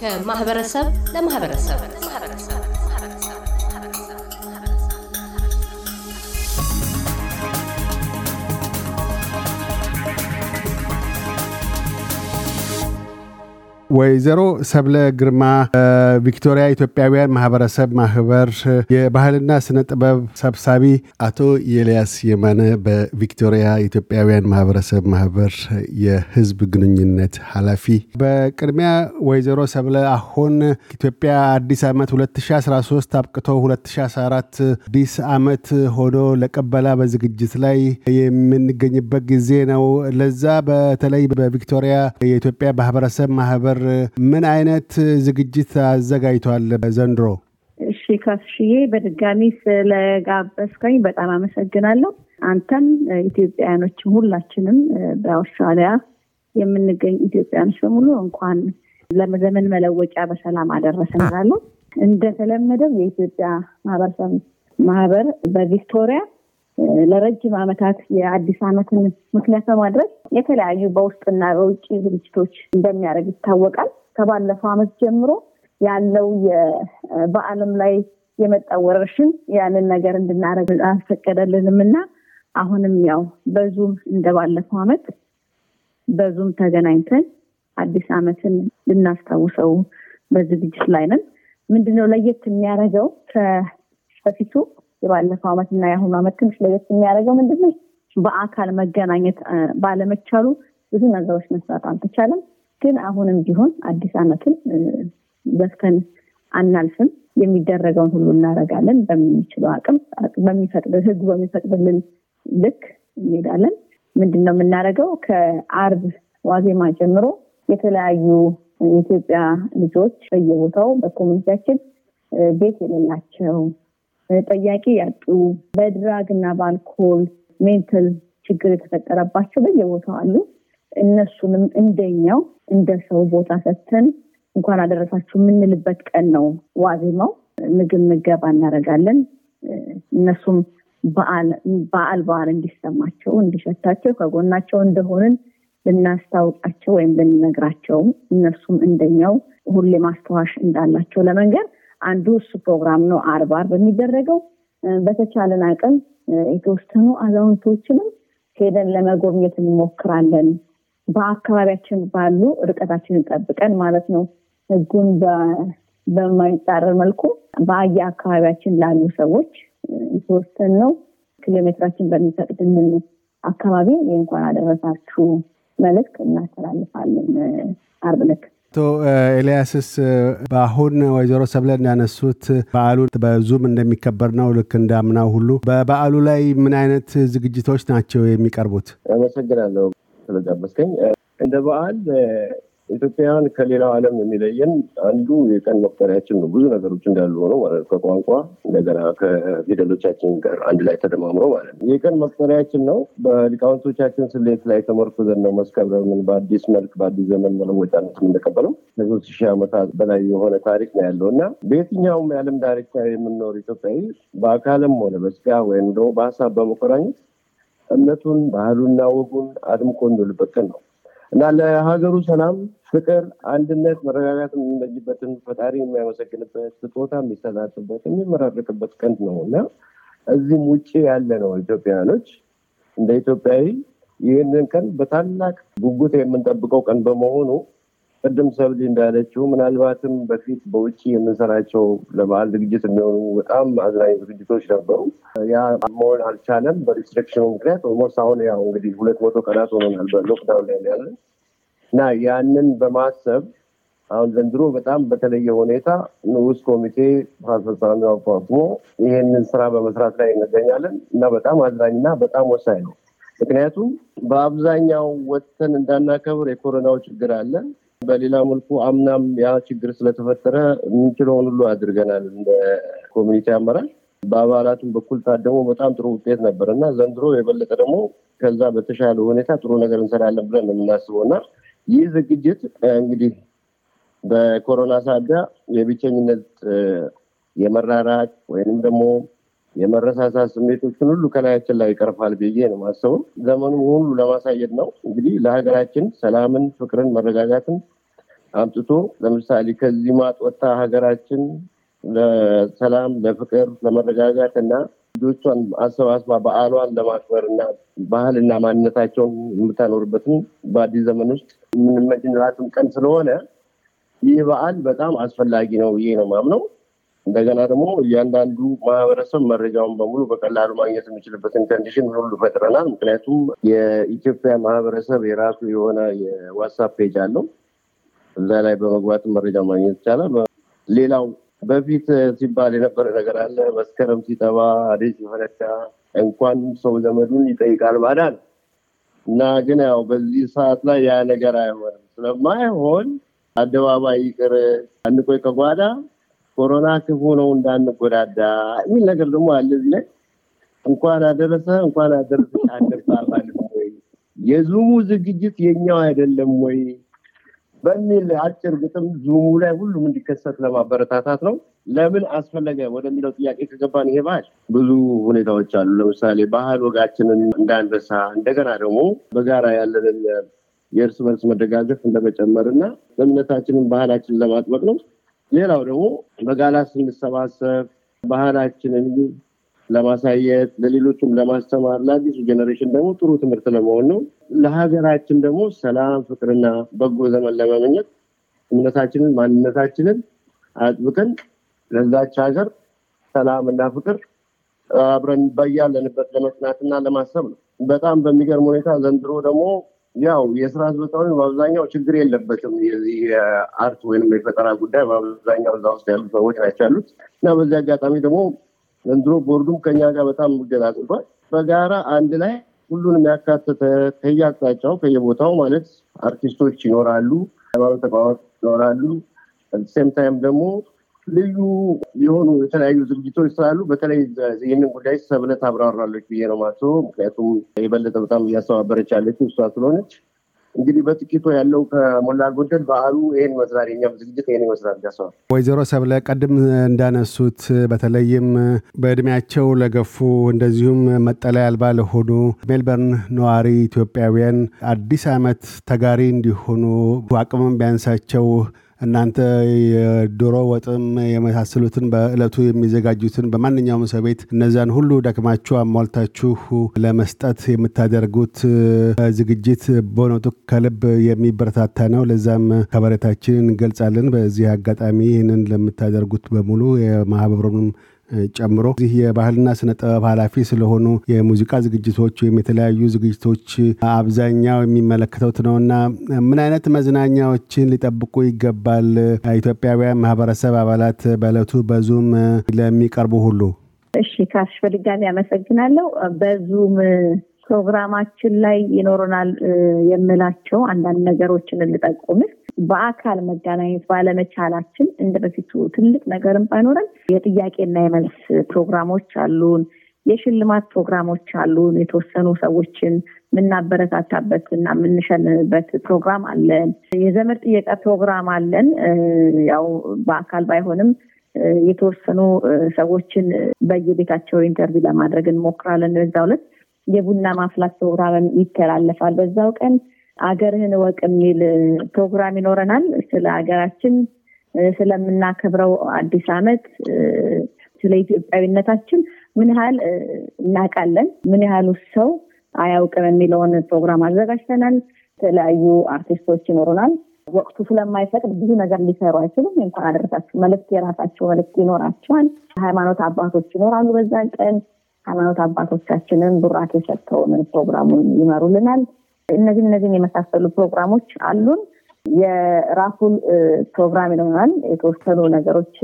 ከማህበረሰብ ለማህበረሰብ ወይዘሮ ሰብለ ግርማ ቪክቶሪያ ኢትዮጵያውያን ማህበረሰብ ማህበር የባህልና ስነ ጥበብ ሰብሳቢ፣ አቶ ኤልያስ የማነ በቪክቶሪያ ኢትዮጵያውያን ማህበረሰብ ማህበር የህዝብ ግንኙነት ኃላፊ። በቅድሚያ ወይዘሮ ሰብለ አሁን ኢትዮጵያ አዲስ ዓመት 2013 አብቅቶ 2014 አዲስ ዓመት ሆኖ ለቀበላ በዝግጅት ላይ የምንገኝበት ጊዜ ነው። ለዛ በተለይ በቪክቶሪያ የኢትዮጵያ ማህበረሰብ ማህበር ምን አይነት ዝግጅት አዘጋጅቷል ዘንድሮ? እሺ ከፍሽዬ፣ በድጋሚ ስለጋበዝከኝ በጣም አመሰግናለሁ። አንተም ኢትዮጵያውያኖችም ሁላችንም በአውስትራሊያ የምንገኝ ኢትዮጵያውያኖች በሙሉ እንኳን ለዘመን መለወጫ በሰላም አደረሰን እላለሁ። እንደተለመደው የኢትዮጵያ ማህበረሰብ ማህበር በቪክቶሪያ ለረጅም ዓመታት የአዲስ ዓመትን ምክንያት በማድረግ የተለያዩ በውስጥና በውጭ ዝግጅቶች እንደሚያደርግ ይታወቃል። ከባለፈው ዓመት ጀምሮ ያለው በዓለም ላይ የመጣ ወረርሽን ያንን ነገር እንድናደርግ አልፈቀደልንም እና አሁንም ያው በዙም እንደባለፈው ዓመት በዙም ተገናኝተን አዲስ ዓመትን ልናስታውሰው በዝግጅት ላይ ነን። ምንድነው ለየት የሚያደርገው ከበፊቱ የባለፈው ዓመትና የአሁኑ ዓመት ትንሽ ለየት የሚያደርገው ምንድነው በአካል መገናኘት ባለመቻሉ ብዙ ነገሮች መስራት አልተቻለም። ግን አሁንም ቢሆን አዲስ ዓመትን በስከን አናልፍም። የሚደረገውን ሁሉ እናደርጋለን። በሚችለው አቅም በሚፈቅድ ህጉ በሚፈቅድልን ልክ እንሄዳለን። ምንድን ነው የምናደርገው? ከአርብ ዋዜማ ጀምሮ የተለያዩ የኢትዮጵያ ልጆች በየቦታው በኮሚኒቲያችን ቤት የሌላቸው ጠያቂ ያጡ በድራግ እና በአልኮል ሜንታል ችግር የተፈጠረባቸው በየቦታው አሉ። እነሱንም እንደኛው እንደ ሰው ቦታ ሰጥተን እንኳን አደረሳችሁ የምንልበት ቀን ነው ዋዜማው። ምግብ ምገባ እናደርጋለን። እነሱም በዓል በዓል እንዲሰማቸው እንዲሸታቸው ከጎናቸው እንደሆንን ልናስታውቃቸው ወይም ልንነግራቸው እነሱም እንደኛው ሁሌ ማስታወሻ እንዳላቸው ለመንገር አንዱ እሱ ፕሮግራም ነው አርብ አርብ የሚደረገው። በተቻለን አቅም የተወሰኑ አዛውንቶችንም ሄደን ለመጎብኘት እንሞክራለን። በአካባቢያችን ባሉ ርቀታችንን ጠብቀን ማለት ነው። ህጉን በማይጻረር መልኩ በየ አካባቢያችን ላሉ ሰዎች የተወሰን ነው ኪሎሜትራችን በሚፈቅድልን አካባቢ የእንኳን አደረሳችሁ መልእክት እናስተላልፋለን አርብ ዕለት አቶ ኤልያስስ በአሁን ወይዘሮ ሰብለ እንዳነሱት በዓሉ በዙም እንደሚከበር ነው ልክ እንዳምናው ሁሉ በበዓሉ ላይ ምን አይነት ዝግጅቶች ናቸው የሚቀርቡት? አመሰግናለሁ ስለጋበዝከኝ። እንደ በዓል ኢትዮጵያውያን ከሌላው ዓለም የሚለየን አንዱ የቀን መቁጠሪያችን ነው። ብዙ ነገሮች እንዳሉ ሆነው ማለት ከቋንቋ እንደገና ከፊደሎቻችን ጋር አንድ ላይ ተደማምሮ ማለት ነው። የቀን መቁጠሪያችን ነው። በሊቃውንቶቻችን ስሌት ላይ ተመርኩዘን ነው መስከረምን በአዲስ መልክ በአዲስ ዘመን መለወጫነት የምንቀበለው። ከሶስት ሺህ ዓመታት በላይ የሆነ ታሪክ ነው ያለው እና በየትኛውም የዓለም ዳርቻ የምንኖር ኢትዮጵያዊ በአካልም ሆነ በስጋ ወይም ደግሞ በሀሳብ በመቆራኘት እምነቱን ባህሉና ወጉን አድምቆ እንውልበት ነው። እና ለሀገሩ ሰላም፣ ፍቅር፣ አንድነት፣ መረጋጋት የምንመኝበትን ፈጣሪ የሚያመሰግንበት ስጦታ የሚሰጣጥበት የሚመራረቅበት ቀን ነው እና እዚህም ውጭ ያለ ነው ኢትዮጵያውያኖች እንደ ኢትዮጵያዊ ይህንን ቀን በታላቅ ጉጉት የምንጠብቀው ቀን በመሆኑ ቅድም ሰብሊ እንዳለችው ምናልባትም በፊት በውጭ የምንሰራቸው ለበዓል ዝግጅት የሚሆኑ በጣም አዝናኝ ዝግጅቶች ነበሩ። ያ መሆን አልቻለም በሪስትሪክሽኑ ምክንያት። ኦልሞስት አሁን ያው እንግዲህ ሁለት መቶ ቀናት ሆኖናል በሎክዳውን ላይ ያለ እና ያንን በማሰብ አሁን ዘንድሮ በጣም በተለየ ሁኔታ ንዑስ ኮሚቴ አስፈጻሚ አቋቁሞ ይሄንን ስራ በመስራት ላይ እንገኛለን እና በጣም አዝናኝና በጣም ወሳኝ ነው። ምክንያቱም በአብዛኛው ወጥተን እንዳናከብር የኮሮናው ችግር አለ። በሌላ መልኩ አምናም ያ ችግር ስለተፈጠረ የምንችለውን ሁሉ አድርገናል። እንደ ኮሚኒቲ አመራር በአባላቱም በኩል ታደሞ በጣም ጥሩ ውጤት ነበር እና ዘንድሮ የበለጠ ደግሞ ከዛ በተሻለ ሁኔታ ጥሩ ነገር እንሰራለን ብለን የምናስበው እና ይህ ዝግጅት እንግዲህ በኮሮና ሳቢያ የብቸኝነት የመራራቅ ወይንም ደግሞ የመረሳሳት ስሜቶችን ሁሉ ከላያችን ላይ ይቀርፋል ብዬ ነው ማሰቡ። ዘመኑ ሁሉ ለማሳየት ነው እንግዲህ ለሀገራችን ሰላምን፣ ፍቅርን፣ መረጋጋትን አምጥቶ ለምሳሌ ከዚህ ማጥወታ ሀገራችን ለሰላም፣ ለፍቅር፣ ለመረጋጋት እና ልጆቿን አሰባስባ በዓሏን ለማክበር እና ባህልና ማንነታቸውን የምታኖርበትን በአዲስ ዘመን ውስጥ የምንመኝላትም ቀን ስለሆነ ይህ በዓል በጣም አስፈላጊ ነው ብዬ ነው ማምነው። እንደገና ደግሞ እያንዳንዱ ማህበረሰብ መረጃውን በሙሉ በቀላሉ ማግኘት የሚችልበትን ኮንዲሽን ሁሉ ፈጥረናል። ምክንያቱም የኢትዮጵያ ማህበረሰብ የራሱ የሆነ የዋትሳፕ ፔጅ አለው። እዛ ላይ በመግባት መረጃ ማግኘት ይቻላል። ሌላው በፊት ሲባል የነበረ ነገር አለ። መስከረም ሲጠባ አደይ ሲፈነዳ እንኳን ሰው ዘመዱን ይጠይቃል ባዳ ነው እና ግን ያው በዚህ ሰዓት ላይ ያ ነገር አይሆንም። ስለማይሆን አደባባይ ይቅር አንቆይ ከጓዳ ኮሮና ክፉ ነው እንዳንጎዳዳ የሚል ነገር ደግሞ አለ እዚህ ላይ እንኳን አደረሰ እንኳን አደረሰ አደርሳ ወይ የዙሙ ዝግጅት የኛው አይደለም ወይ በሚል አጭር ግጥም ዙሙ ላይ ሁሉም እንዲከሰት ለማበረታታት ነው። ለምን አስፈለገ ወደሚለው ጥያቄ ከገባን ይሄ ባህል ብዙ ሁኔታዎች አሉ። ለምሳሌ ባህል ወጋችንን እንዳንረሳ፣ እንደገና ደግሞ በጋራ ያለንን የእርስ በርስ መደጋገፍ እንደመጨመር እና እምነታችንን ባህላችንን ለማጥበቅ ነው። ሌላው ደግሞ በጋላ ስንሰባሰብ ባህላችንን ለማሳየት ለሌሎችም ለማስተማር ለአዲሱ ጀኔሬሽን ደግሞ ጥሩ ትምህርት ለመሆን ነው። ለሀገራችን ደግሞ ሰላም፣ ፍቅርና በጎ ዘመን ለመመኘት እምነታችንን ማንነታችንን አጥብቀን ለዛች ሀገር እና ፍቅር አብረን በያለንበት ለመጽናትና ለማሰብ ነው። በጣም በሚገርም ሁኔታ ዘንድሮ ደግሞ ያው የስራ ስበታውን በአብዛኛው ችግር የለበትም። የዚህ የአርት ወይም የፈጠራ ጉዳይ በአብዛኛው እዛ ውስጥ ያሉ ሰዎች ናቸው ያሉት እና በዚህ አጋጣሚ ደግሞ ዘንድሮ ቦርዱም ከኛ ጋር በጣም ገጣጥቷል። በጋራ አንድ ላይ ሁሉን የሚያካተተ ከየአቅጣጫው ከየቦታው ማለት አርቲስቶች ይኖራሉ፣ ሃይማኖት ተቋማት ይኖራሉ፣ ሴም ታይም ደግሞ ልዩ የሆኑ የተለያዩ ዝግጅቶች ስላሉ በተለይ ይህንን ጉዳይ ሰብለት አብራራለች ብዬ ነው የማስበው። ምክንያቱም የበለጠ በጣም እያስተባበረች ያለች እሷ ስለሆነች እንግዲህ በጥቂቱ ያለው ከሞላ ጎደል በዓሉ ይህን መስራት የኛም ዝግጅት ይህን ይመስላል። ያሰዋል ወይዘሮ ሰብለ ቀድም እንዳነሱት በተለይም በእድሜያቸው ለገፉ እንደዚሁም መጠለያ አልባ ለሆኑ ሜልበርን ነዋሪ ኢትዮጵያውያን አዲስ ዓመት ተጋሪ እንዲሆኑ አቅምም ቢያንሳቸው እናንተ የዶሮ ወጥም የመሳሰሉትን በእለቱ የሚዘጋጁትን በማንኛውም ሰው ቤት እነዚያን ሁሉ ደክማችሁ አሟልታችሁ ለመስጠት የምታደርጉት ዝግጅት በእውነቱ ከልብ የሚበረታታ ነው። ለዛም ከበሬታችን እንገልጻለን። በዚህ አጋጣሚ ይህንን ለምታደርጉት በሙሉ የማህበሩንም ጨምሮ እዚህ የባህልና ስነ ጥበብ ኃላፊ ስለሆኑ የሙዚቃ ዝግጅቶች ወይም የተለያዩ ዝግጅቶች አብዛኛው የሚመለከተውት ነውና ምን አይነት መዝናኛዎችን ሊጠብቁ ይገባል ኢትዮጵያውያን ማህበረሰብ አባላት በእለቱ በዙም ለሚቀርቡ ሁሉ? እሺ ካሽ በድጋሚ አመሰግናለሁ። በዙም ፕሮግራማችን ላይ ይኖረናል የምላቸው አንዳንድ ነገሮችን እንጠቁምህ በአካል መገናኘት ባለመቻላችን እንደ በፊቱ ትልቅ ነገርም ባይኖረን የጥያቄና የመልስ ፕሮግራሞች አሉን። የሽልማት ፕሮግራሞች አሉን። የተወሰኑ ሰዎችን የምናበረታታበት እና የምንሸልምበት ፕሮግራም አለን። የዘመድ ጥየቃ ፕሮግራም አለን። ያው በአካል ባይሆንም የተወሰኑ ሰዎችን በየቤታቸው ኢንተርቪው ለማድረግ እንሞክራለን። በዛው ዕለት የቡና ማፍላት ፕሮግራምም ይተላለፋል። በዛው ቀን አገርህን ወቅ የሚል ፕሮግራም ይኖረናል። ስለ ሀገራችን ስለምናከብረው አዲስ ዓመት ስለ ኢትዮጵያዊነታችን ምን ያህል እናውቃለን፣ ምን ያህሉ ሰው አያውቅም የሚለውን ፕሮግራም አዘጋጅተናል። የተለያዩ አርቲስቶች ይኖሩናል። ወቅቱ ስለማይፈቅድ ብዙ ነገር ሊሰሩ አይችሉም። እንኳን አደረሳችሁ መልዕክት የራሳቸው መልእክት ይኖራቸዋል። ሃይማኖት አባቶች ይኖራሉ። በዛን ቀን ሃይማኖት አባቶቻችንን ቡራኬ ሰጥተው ምን ፕሮግራሙን ይመሩልናል። እነዚህ እነዚህን የመሳሰሉ ፕሮግራሞች አሉን። የራፉል ፕሮግራም ይሆናል። የተወሰኑ ነገሮች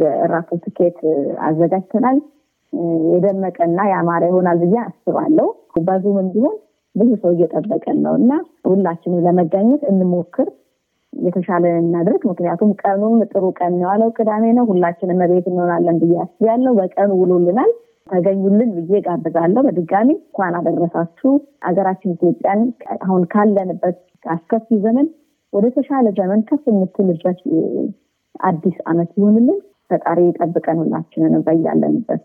በራፉል ትኬት አዘጋጅተናል። የደመቀና የአማረ ይሆናል ብዬ አስባለሁ። በዙምም ቢሆን ብዙ ሰው እየጠበቀን ነው እና ሁላችንም ለመገኘት እንሞክር፣ የተሻለ እናድርግ። ምክንያቱም ቀኑም ጥሩ ቀን የዋለው ቅዳሜ ነው። ሁላችንም መቤት እንሆናለን ብዬ አስባለሁ። በቀኑ ውሎልናል። ተገኙልን ብዬ ጋብዛለሁ። በድጋሚ እንኳን አደረሳችሁ። ሀገራችን ኢትዮጵያን አሁን ካለንበት አስከፊ ዘመን ወደ ተሻለ ዘመን ከፍ የምትልበት አዲስ አመት ይሆንልን። ፈጣሪ ጠብቀን ሁላችንን በያለንበት።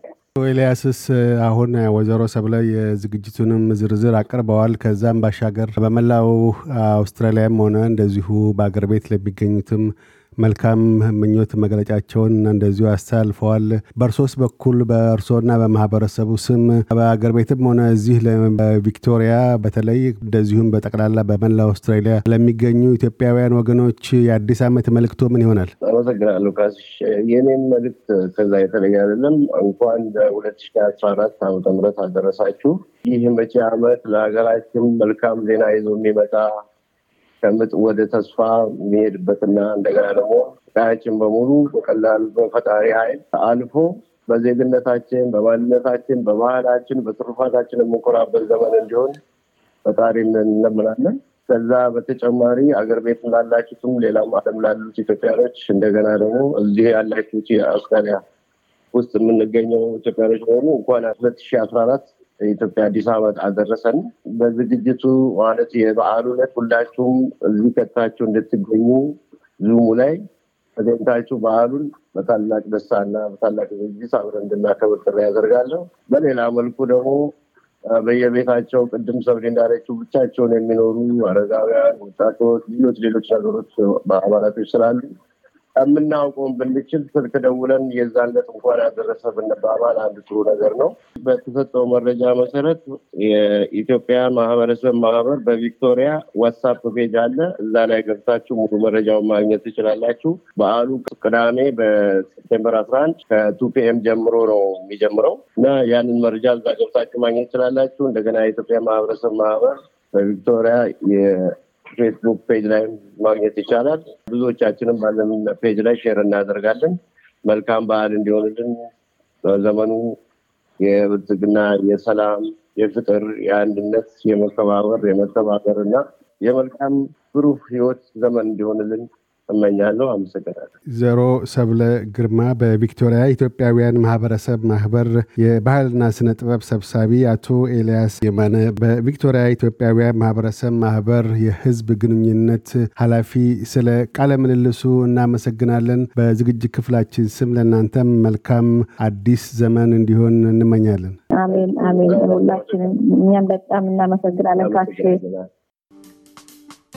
ኤልያስስ አሁን ወይዘሮ ሰብለ የዝግጅቱንም ዝርዝር አቅርበዋል። ከዛም ባሻገር በመላው አውስትራሊያም ሆነ እንደዚሁ በአገር ቤት ለሚገኙትም መልካም ምኞት መግለጫቸውን እንደዚሁ አስተላልፈዋል። በእርሶስ በኩል በእርሶና በማህበረሰቡ ስም በአገር ቤትም ሆነ እዚህ በቪክቶሪያ በተለይ እንደዚሁም በጠቅላላ በመላ አውስትራሊያ ለሚገኙ ኢትዮጵያውያን ወገኖች የአዲስ ዓመት መልእክቶ ምን ይሆናል? አመሰግናለሁ ካስሽ። የኔም መልእክት ከዛ የተለየ አይደለም። እንኳን ለሁለት ሺ አስራ አራት ዓመተ ምህረት አደረሳችሁ። ይህ መቼ ዓመት ለሀገራችን መልካም ዜና ይዞ የሚመጣ ሸምጥ ወደ ተስፋ የሚሄድበትና እንደገና ደግሞ ቀያችን በሙሉ በቀላል በፈጣሪ ኃይል አልፎ በዜግነታችን፣ በማንነታችን፣ በባህላችን፣ በትሩፋታችን የምንኮራበት ዘመን እንዲሆን ፈጣሪ እንለምናለን። ከዛ በተጨማሪ አገር ቤት ላላችሁትም ሌላም ዓለም ላሉት ኢትዮጵያኖች እንደገና ደግሞ እዚህ ያላችሁት አውስትራሊያ ውስጥ የምንገኘው ኢትዮጵያኖች ሆኑ እንኳን ሁለት ሺህ አስራ አራት የኢትዮጵያ አዲስ አበባ አደረሰን። በዝግጅቱ ማለት የበዓሉ ዕለት ሁላችሁም እዚህ ከታችሁ እንድትገኙ ዙሙ ላይ ተገኝታችሁ በዓሉን በታላቅ ደስታና በታላቅ ዝግጅት አብረን እንድናከብር ጥሪ ያደርጋለሁ። በሌላ መልኩ ደግሞ በየቤታቸው ቅድም ሰብሌ እንዳለችው ብቻቸውን የሚኖሩ አረጋውያን፣ ወጣቶች፣ ሌሎች ሌሎች ነገሮች በአባላቶች ስላሉ የምናውቀውን ብንችል ስልክ ደውለን የዛን ዕለት እንኳን አደረሰ ብንባባል አንድ ጥሩ ነገር ነው። በተሰጠው መረጃ መሰረት የኢትዮጵያ ማህበረሰብ ማህበር በቪክቶሪያ ዋትሳፕ ፔጅ አለ። እዛ ላይ ገብታችሁ ሙሉ መረጃውን ማግኘት ትችላላችሁ። በዓሉ ቅዳሜ በሴፕቴምበር አስራ አንድ ፒኤም ጀምሮ ነው የሚጀምረው እና ያንን መረጃ እዛ ገብታችሁ ማግኘት ትችላላችሁ። እንደገና የኢትዮጵያ ማህበረሰብ ማህበር በቪክቶሪያ ፌስቡክ ፔጅ ላይ ማግኘት ይቻላል። ብዙዎቻችንም ባለን ፔጅ ላይ ሼር እናደርጋለን። መልካም በዓል እንዲሆንልን በዘመኑ የብልጽግና የሰላም፣ የፍቅር፣ የአንድነት፣ የመከባበር፣ የመተባበር እና የመልካም ብሩህ ህይወት ዘመን እንዲሆንልን እመኛለሁ። አመሰግናለሁ። ዘሮ ሰብለ ግርማ በቪክቶሪያ ኢትዮጵያውያን ማህበረሰብ ማህበር የባህልና ስነ ጥበብ ሰብሳቢ፣ አቶ ኤልያስ የማነ በቪክቶሪያ ኢትዮጵያውያን ማህበረሰብ ማህበር የህዝብ ግንኙነት ኃላፊ፣ ስለ ቃለ ምልልሱ እናመሰግናለን። በዝግጅት ክፍላችን ስም ለእናንተም መልካም አዲስ ዘመን እንዲሆን እንመኛለን። አሜን አሜን። ሁላችንም እኛም በጣም እናመሰግናለን ካሴ